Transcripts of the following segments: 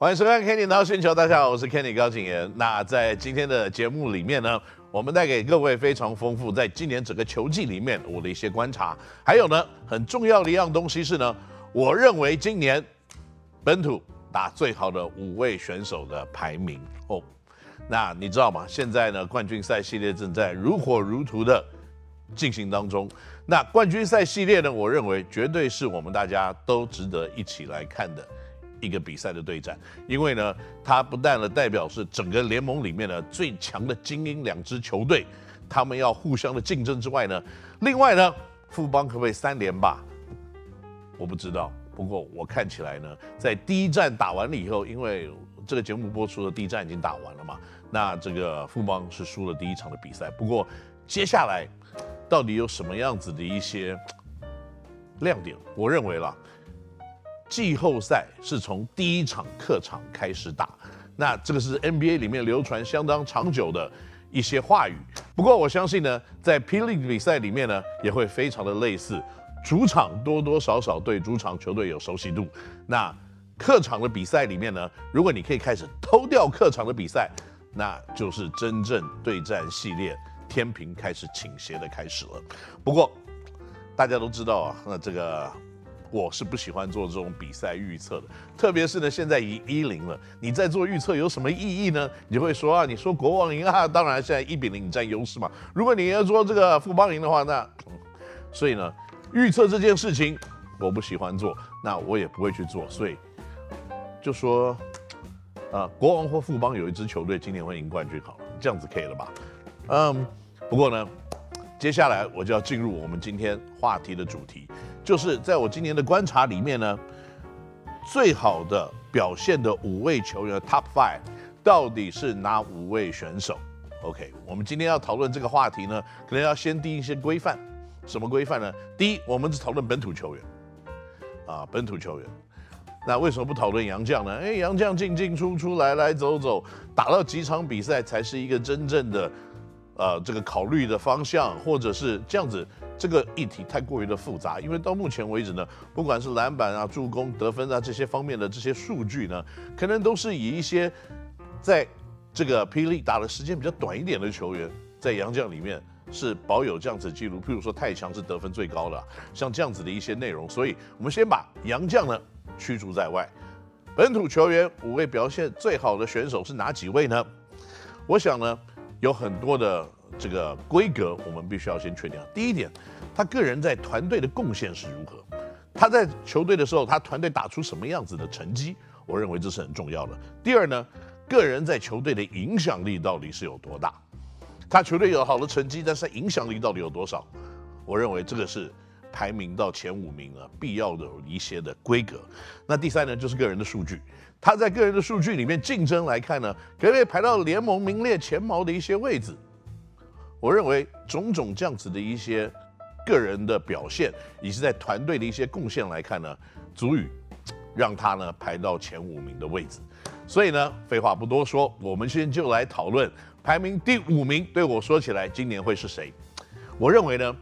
歡迎收看 Kenny 的 NOW 星球，大家好，我是 Kenny 高景炎。那在今天的節目裡面呢，我們帶給各位非常豐富，在今年整個球季裡面我的一些觀察，還有呢很重要的一樣東西是呢，我認為今年本土打最好的五位選手的排名哦。那你知道嗎？現在呢冠軍賽系列正在如火如荼的進行當中。那冠軍賽系列呢，我認為絕對是我們大家都值得一起來看的，一個比賽的對戰，因為呢，它不但呢代表是整個聯盟裡面的最強的精英兩支球隊，他們要互相的競爭之外呢，另外呢，富邦可不可以三連霸，我不知道。不過我看起來呢，在第一戰打完了以後，因為這個節目播出的第一戰已經打完了嘛，那這個富邦是輸了第一場的比賽。不過接下來到底有什麼樣子的一些亮點，我認為啦。季後賽是從第一場客場開始打，那這個是 NBA 裡面流傳相當長久的一些話語。不過我相信呢，在 P. League 比賽裡面呢，也會非常的類似。主場多多少少對主場球隊有熟悉度，那客場的比賽裡面呢，如果你可以開始偷掉客場的比賽，那就是真正對戰系列天平開始傾斜的開始了。不過大家都知道啊，那這個。我是不喜歡做這種比賽預測的，特別是呢，現在一比零了，你在做預測有什麼意義呢？你就會說啊，你說國王贏啊，當然現在一比零你占優勢嘛。如果你要做這個富邦贏的話，那、嗯、所以呢，預測這件事情我不喜歡做，那我也不會去做。所以就說，啊、呃，國王或富邦有一支球隊今年會贏冠軍，好了，這樣子可以了吧？嗯，不過呢，接下來我就要進入我們今天話題的主題。就是在我今年的觀察裡面呢，最好的表現的五位球員 Top Five，到底是哪五位選手？OK，我們今天要討論這個話題呢，可能要先定一些規範。什麼規範呢？第一，我們是討論本土球員，啊，本土球員。那為什麼不討論洋將呢？誒，洋將進進出出，來來走走，打了幾場比賽才是一個真正的，呃，這個考慮的方向，或者是這樣子。這個議題太過於的複雜，因為到目前為止呢，不管是籃板啊、助攻、得分啊這些方面的這些數據呢，可能都是以一些在這個 P. League 打的時間比較短一點的球員，在洋將裡面是保有這樣子的記錄。譬如說，太強是得分最高的，像這樣子的一些內容，所以我們先把洋將呢驅逐在外。本土球員五位表現最好的選手是哪幾位呢？我想呢，有很多的。這個規格我們必須要先確定啊。第一點，他個人在團隊的貢獻是如何？他在球隊的時候，他團隊打出什麼樣子的成績？我認為這是很重要的。第二呢，個人在球隊的影響力到底是有多大？他球隊有好的成績，但是影響力到底有多少？我認為這個是排名到前五名啊，必要的一些的規格。那第三呢，就是個人的數據。他在個人的數據裡面競爭來看呢，可不可以排到聯盟名列前茅的一些位置？我認為種種這樣子的一些個人的表現，以及在團隊的一些貢獻來看呢，足以讓他呢排到前五名的位置。所以呢，廢話不多說，我們先就來討論排名第五名。對我說起來，今年會是誰？我認為呢，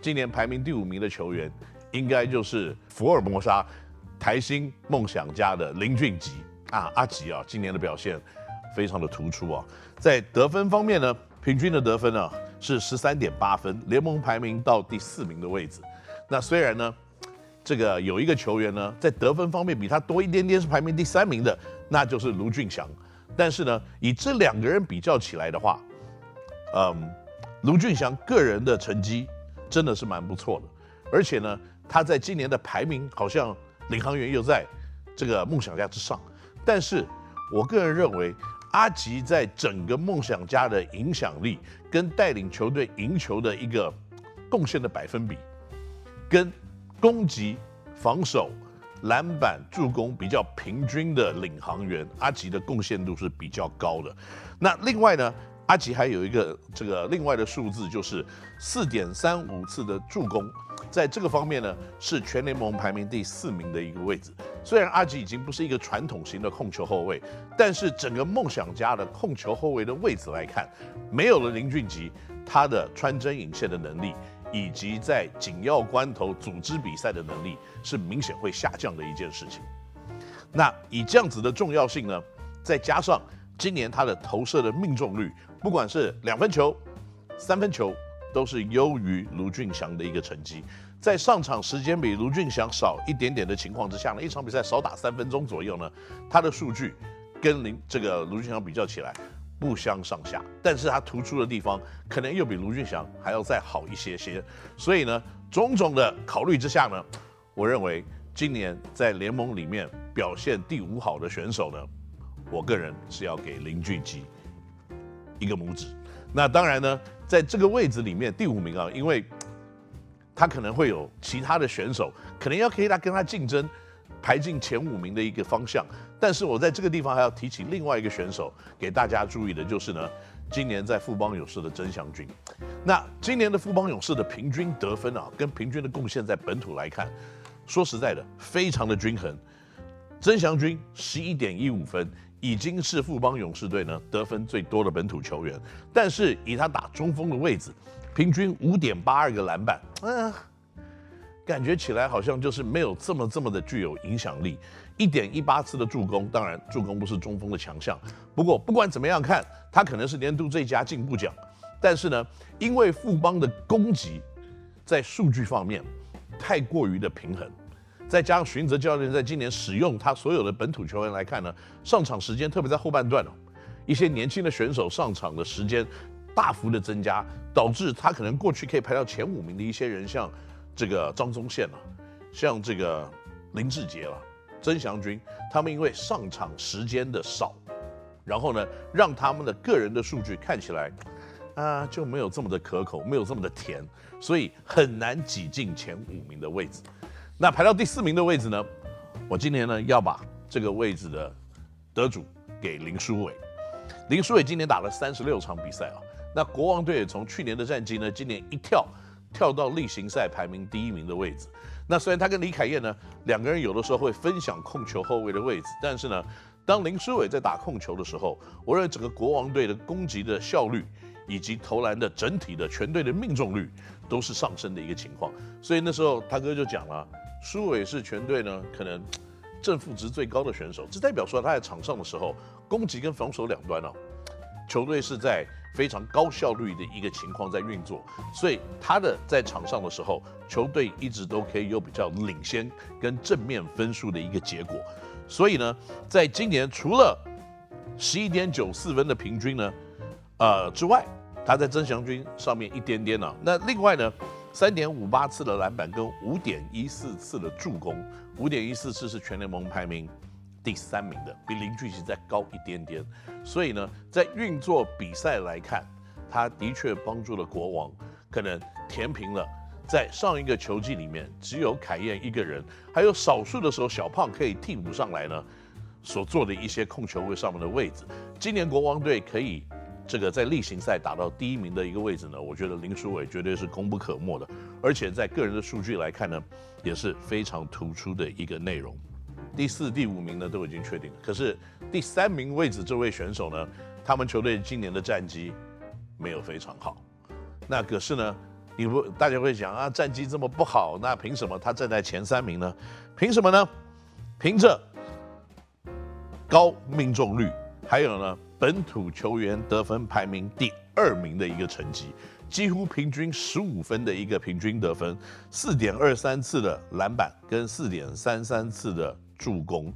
今年排名第五名的球員應該就是福爾摩沙台新夢想家的林俊吉啊，阿吉啊，今年的表現非常的突出啊，在得分方面呢。平均的得分呢是十三點八分，聯盟排名到第四名的位置。那雖然呢，這個有一個球員呢在得分方面比他多一點點，是排名第三名的，那就是盧俊祥。但是呢，以這兩個人比較起來的話，嗯，盧俊祥個人的成績真的是蠻不錯的，而且呢，他在今年的排名好像領航員又在這個夢想家之上。但是我個人認為。阿吉在整個夢想家的影響力跟帶領球隊贏球的一個貢獻的百分比，跟攻擊、防守、籃板、助攻比較平均的領航員，阿吉的貢獻度是比較高的。那另外呢？阿吉還有一個這個另外的數字，就是四點三五次的助攻，在這個方面呢，是全聯盟排名第四名的一個位置。雖然阿吉已經不是一個傳統型的控球後衛，但是整個夢想家的控球後衛的位置來看，沒有了林俊吉，他的穿針引線的能力以及在緊要關頭組織比賽的能力是明顯會下降的一件事情。那以這樣子的重要性呢，再加上。今年他的投射的命中率，不管是兩分球、三分球，都是優於盧俊祥的一個成績。在上場時間比盧俊祥少一點點的情況之下呢，一場比賽少打三分鐘左右呢，他的數據跟林這個盧俊祥比較起來不相上下，但是他突出的地方可能又比盧俊祥還要再好一些些。所以呢，種種的考慮之下呢，我認為今年在聯盟裡面表現第五好的選手呢。我個人是要給林俊吉一個拇指。那當然呢，在這個位置裡面第五名啊，因為他可能會有其他的選手，可能要可以他跟他競爭排進前五名的一個方向。但是我在這個地方還要提起另外一個選手給大家注意的，就是呢，今年在富邦勇士的曾祥鈞。那今年的富邦勇士的平均得分啊，跟平均的貢獻在本土來看，說實在的，非常的均衡。曾祥鈞十一點一五分，已經是富邦勇士隊呢，得分最多的本土球員，但是以他打中鋒的位置，平均五點八二個籃板，嗯、呃，感覺起來好像就是沒有這麼這麼的具有影響力，一點一八次的助攻，當然助攻不是中鋒的強項，不過不管怎麼樣看，他可能是年度最佳進步獎，但是呢，因為富邦的攻擊在數據方面太過於的平衡。再加上許晉哲教練在今年使用他所有的本土球員來看呢，上場時間特別在後半段，啊，一些年輕的選手上場的時間大幅的增加，導致他可能過去可以排到前五名的一些人，像這個張宗憲啊，像這個林志杰啊、曾祥鈞，他們因為上場時間的少，然後呢，讓他們的個人的數據看起來，啊，就沒有這麼的可口，沒有這麼的甜，所以很難擠進前五名的位置。那排到第四名的位置呢？我今年呢，要把這個位置的得主給林書緯。林書緯今年打了三十六場比賽啊。那國王隊也從去年的戰績呢，今年一跳跳到例行賽排名第一名的位置。那雖然他跟李愷諺呢，兩個人有的時候會分享控球後衛的位置，但是呢，當林書緯在打控球的時候，我認為整個國王隊的攻擊的效率以及投籃的整體的全隊的命中率都是上升的一個情況。所以那時候他哥就講了。蘇偉是全隊呢，可能正負值最高的選手，這代表說他在場上的時候，攻擊跟防守兩端啊，球隊是在非常高效率的一個情況在運作，所以他的在場上的時候，球隊一直都可以有比較領先跟正面分數的一個結果，所以呢，在今年除了十一點九四分的平均呢，呃，之外，他在曾祥軍上面一點點呢、啊，那另外呢。三點五八次的籃板跟五點一四次的助攻，五點一四次是全聯盟排名第三名的，比林俊杰再高一點點。所以呢，在運作比賽來看，他的確幫助了國王，可能填平了在上一個球季裡面只有凱燕一個人，還有少數的時候小胖可以替補上來呢，所做的一些控球位上面的位置。今年國王隊可以。這個在例行賽打到第一名的一個位置呢，我覺得林書緯絕對是功不可沒的，而且在個人的數據來看呢，也是非常突出的一個內容。第四、第五名呢都已經確定了，可是第三名位置這位選手呢，他們球隊今年的戰績沒有非常好。那可是呢，你不大家會想啊，戰績這麼不好，那憑什麼他站在前三名呢？憑什麼呢？憑着高命中率，還有呢？本土球員得分排名第二名的一個成績，幾乎平均十五分的一個平均得分，四點二三次的籃板跟四點三三次的助攻，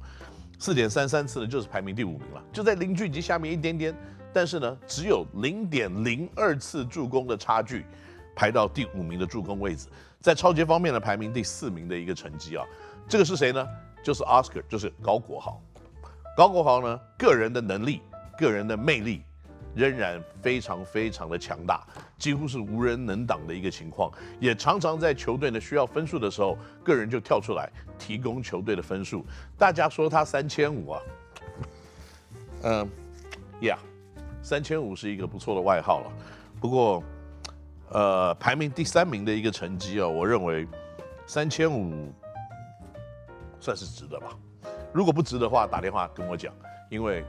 四點三三次呢就是排名第五名了，就在林志傑下面一點點，但是呢只有零點零二次助攻的差距，排到第五名的助攻位置，在抄截方面呢排名第四名的一個成績啊、哦，這個是誰呢？就是 Oscar，就是高國豪。高國豪呢個人的能力。個人的魅力仍然非常非常的強大，幾乎是無人能擋的一個情況，也常常在球隊呢需要分數的時候，個人就跳出來提供球隊的分數。大家說他三千五啊，嗯，呀，三千五是一個不錯的外號了。不過，呃，排名第三名的一個成績啊、哦，我認為三千五算是值得吧。如果不值的話，打電話跟我講，因為。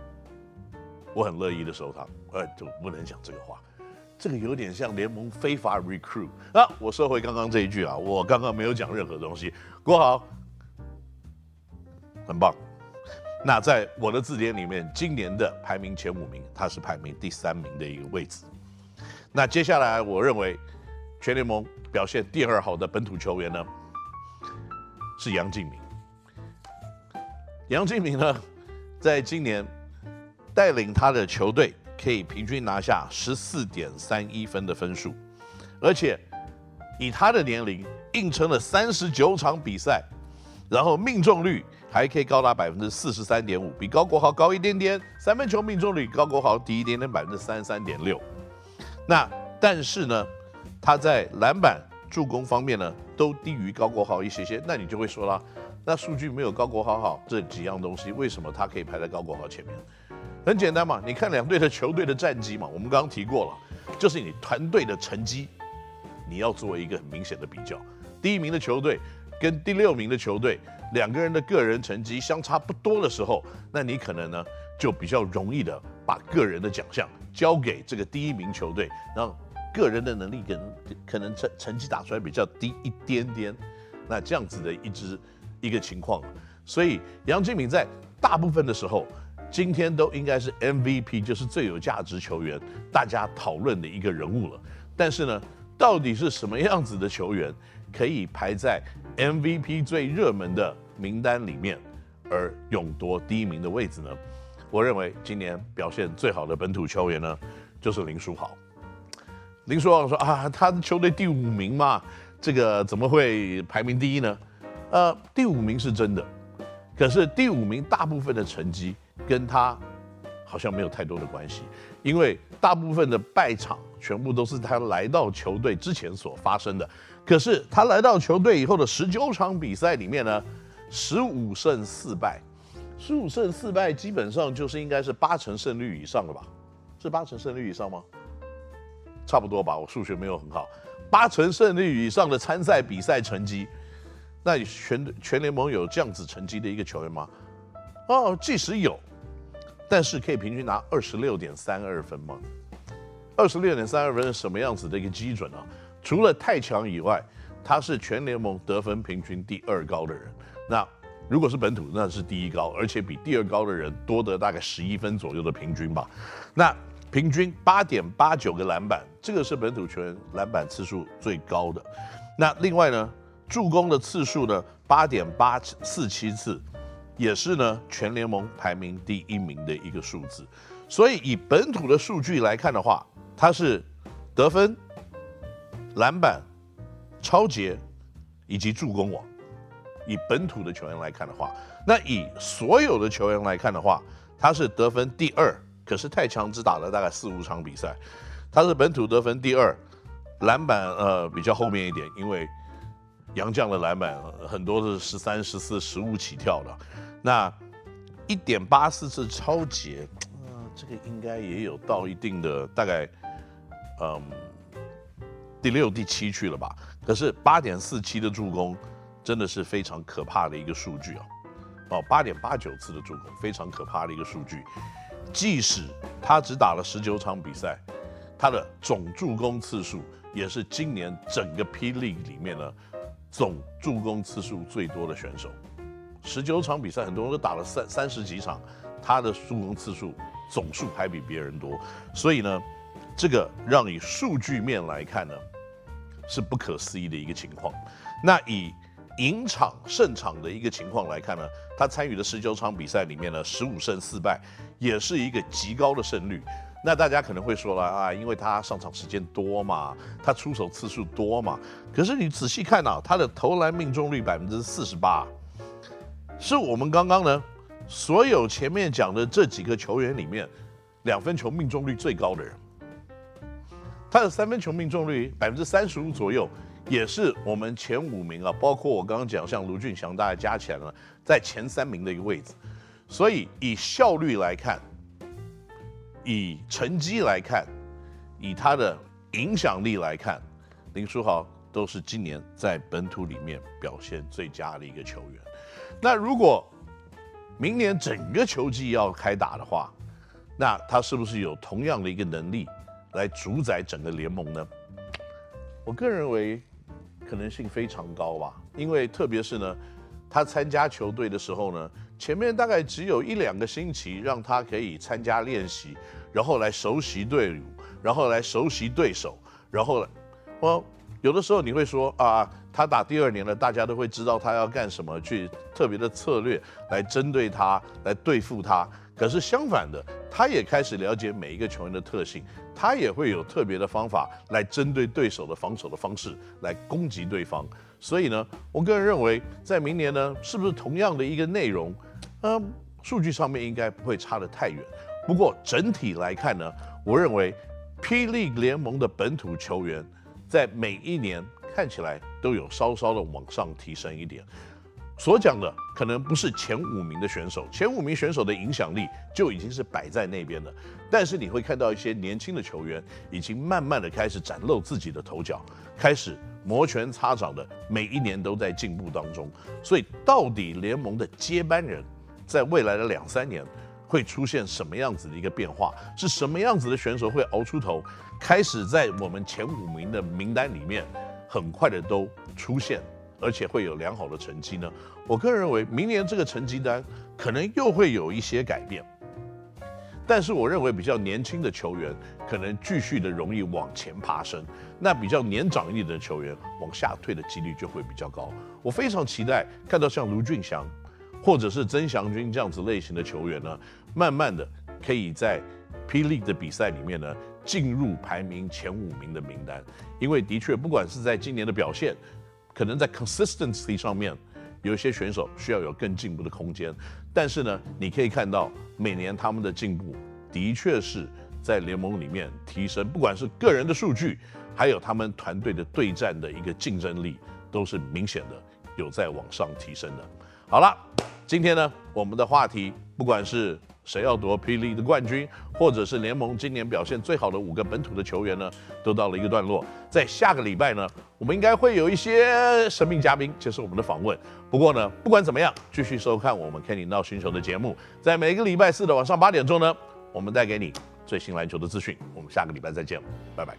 我很樂意的時候，他，呃就不能講這個話，這個有點像聯盟非法 recruit 啊！我收回剛剛這一句啊，我剛剛沒有講任何東西，國豪，很棒。那在我的字典裡面，今年的排名前五名，他是排名第三名的一個位置。那接下來，我認為全聯盟表現第二好的本土球員呢，是楊敬敏。楊敬敏呢，在今年。帶領他的球隊可以平均拿下十四點三一分的分數，而且以他的年齡硬撐了三十九場比賽，然後命中率還可以高達百分之四十三點五，比高國豪高一點點。三分球命中率高國豪低一點點，百分之三十三點六。那但是呢，他在籃板、助攻方面呢都低於高國豪一些些。那你就會說了，啊，那數據沒有高國豪好，這幾樣東西為什麼他可以排在高國豪前面？很簡單嘛，你看兩隊的球隊的戰績嘛，我們剛剛提過了，就是你團隊的成績，你要做一個很明顯的比較。第一名的球隊跟第六名的球隊，兩個人的個人成績相差不多的時候，那你可能呢就比較容易的把個人的獎項交給這個第一名球隊，讓個人的能力跟可能可能成成績打出來比較低一點點，那這樣子的一支一個情況，所以楊敬敏在大部分的時候。今天都應該是 MVP，就是最有價值球員，大家討論的一個人物了。但是呢，到底是什麼樣子的球員可以排在 MVP 最熱門的名單裡面，而勇奪第一名的位置呢？我認為今年表現最好的本土球員呢，就是林書豪。林書豪說啊，他的球隊第五名嘛，這個怎麼會排名第一呢？呃，第五名是真的，可是第五名大部分的成績。跟他好像沒有太多的關係，因為大部分的敗場全部都是他來到球隊之前所發生的。可是他來到球隊以後的十九場比賽裡面呢，十五勝四敗，十五勝四敗基本上就是應該是八成勝率以上的吧？是八成勝率以上嗎？差不多吧，我數學沒有很好。八成勝率以上的參賽比賽成績，那全全聯盟有這樣子成績的一個球員嗎？哦，即使有。但是可以平均拿二十六點三二分嗎？二十六點三二分是什麼樣子的一個基準呢、啊？除了太強以外，他是全聯盟得分平均第二高的人。那如果是本土，那是第一高，而且比第二高的人多得大概十一分左右的平均吧。那平均八點八九個籃板，這個是本土球員籃板次數最高的。那另外呢，助攻的次數呢，八點八四七次。也是呢，全聯盟排名第一名的一個數字。所以以本土的數據來看的話，他是得分、籃板、抄截以及助攻王。以本土的球員來看的話，那以所有的球員來看的話，他是得分第二。可是太強只打了大概四五場比賽，他是本土得分第二，籃板呃比較後面一點，因為洋將的籃板很多是十三、十四、十五起跳的。那一點八四次抄截，呃、這個應該也有到一定的大概，嗯，第六、第七去了吧？可是八點四七的助攻，真的是非常可怕的一個數據哦。哦，八點八九次的助攻，非常可怕的一個數據。即使他只打了十九場比賽，他的總助攻次數也是今年整個 P League 裡面的總助攻次數最多的選手。十九場比賽，很多人都打了三三十幾場，他的助攻次數總數還比別人多，所以呢，這個讓以數據面來看呢，是不可思議的一個情況。那以贏場勝場的一個情況來看呢，他參與的十九場比賽裡面呢，十五勝四敗，也是一個極高的勝率。那大家可能會說了啊，因為他上場時間多嘛，他出手次數多嘛。可是你仔細看啊，他的投籃命中率百分之四十八。是我們剛剛呢，所有前面講的這幾個球員裡面，兩分球命中率最高的人，他的三分球命中率百分之三十五左右，也是我們前五名啊。包括我剛剛講像盧峻翔大家加起來了，在前三名的一個位置。所以以效率來看，以成績來看，以他的影響力來看，林書豪都是今年在本土裡面表現最佳的一個球員。那如果明年整個球季要開打的話，那他是不是有同樣的一個能力來主宰整個聯盟呢？我個人認為可能性非常高吧，因為特別是呢，他參加球隊的時候呢，前面大概只有一兩個星期讓他可以參加練習，然後來熟悉隊伍，然後來熟悉，來熟悉對手，然後我、哦、有的時候你會說啊。他打第二年了，大家都會知道他要幹什麼，去特別的策略來針對他，來對付他。可是相反的，他也開始了解每一個球員的特性，他也會有特別的方法來針對對手的防守的方式，來攻擊對方。所以呢，我個人認為，在明年呢，是不是同樣的一個內容，嗯、呃，數據上面應該不會差得太遠。不過整體來看呢，我認為，P. League 聯盟的本土球員在每一年，看起來都有稍稍的往上提升一點，所講的可能不是前五名的選手，前五名選手的影響力就已經是擺在那邊的。但是你會看到一些年輕的球員，已經慢慢的開始展露自己的頭角，開始摩拳擦掌的，每一年都在進步當中。所以到底聯盟的接班人，在未來的兩三年，會出現什麼樣子的一個變化？是什麼樣子的選手會熬出頭，開始在我們前五名的名單裡面？很快的都出現，而且會有良好的成績呢。我個人認為，明年這個成績單可能又會有一些改變。但是我認為，比較年輕的球員可能繼續的容易往前爬升，那比較年長一點的球員往下退的幾率就會比較高。我非常期待看到像盧峻翔，或者是曾祥鈞這樣子類型的球員呢，慢慢的可以在 P. League 的比賽裡面呢。進入排名前五名的名單，因為的確，不管是在今年的表現，可能在 consistency 上面，有些選手需要有更進步的空間。但是呢，你可以看到每年他們的進步的確是在聯盟裡面提升，不管是個人的數據，還有他們團隊的對戰的一個競爭力，都是明顯的有在往上提升的。好了，今天呢，我們的話題不管是。誰要奪霹靂的冠軍，或者是聯盟今年表現最好的五個本土的球員呢？都到了一個段落，在下個禮拜呢，我們應該會有一些神秘嘉賓接受我們的訪問。不過呢，不管怎麼樣，繼續收看我們 KENNY NOW 星球的節目，在每個禮拜四的晚上八點鐘呢，我們帶給你最新籃球的資訊。我們下個禮拜再見，拜拜。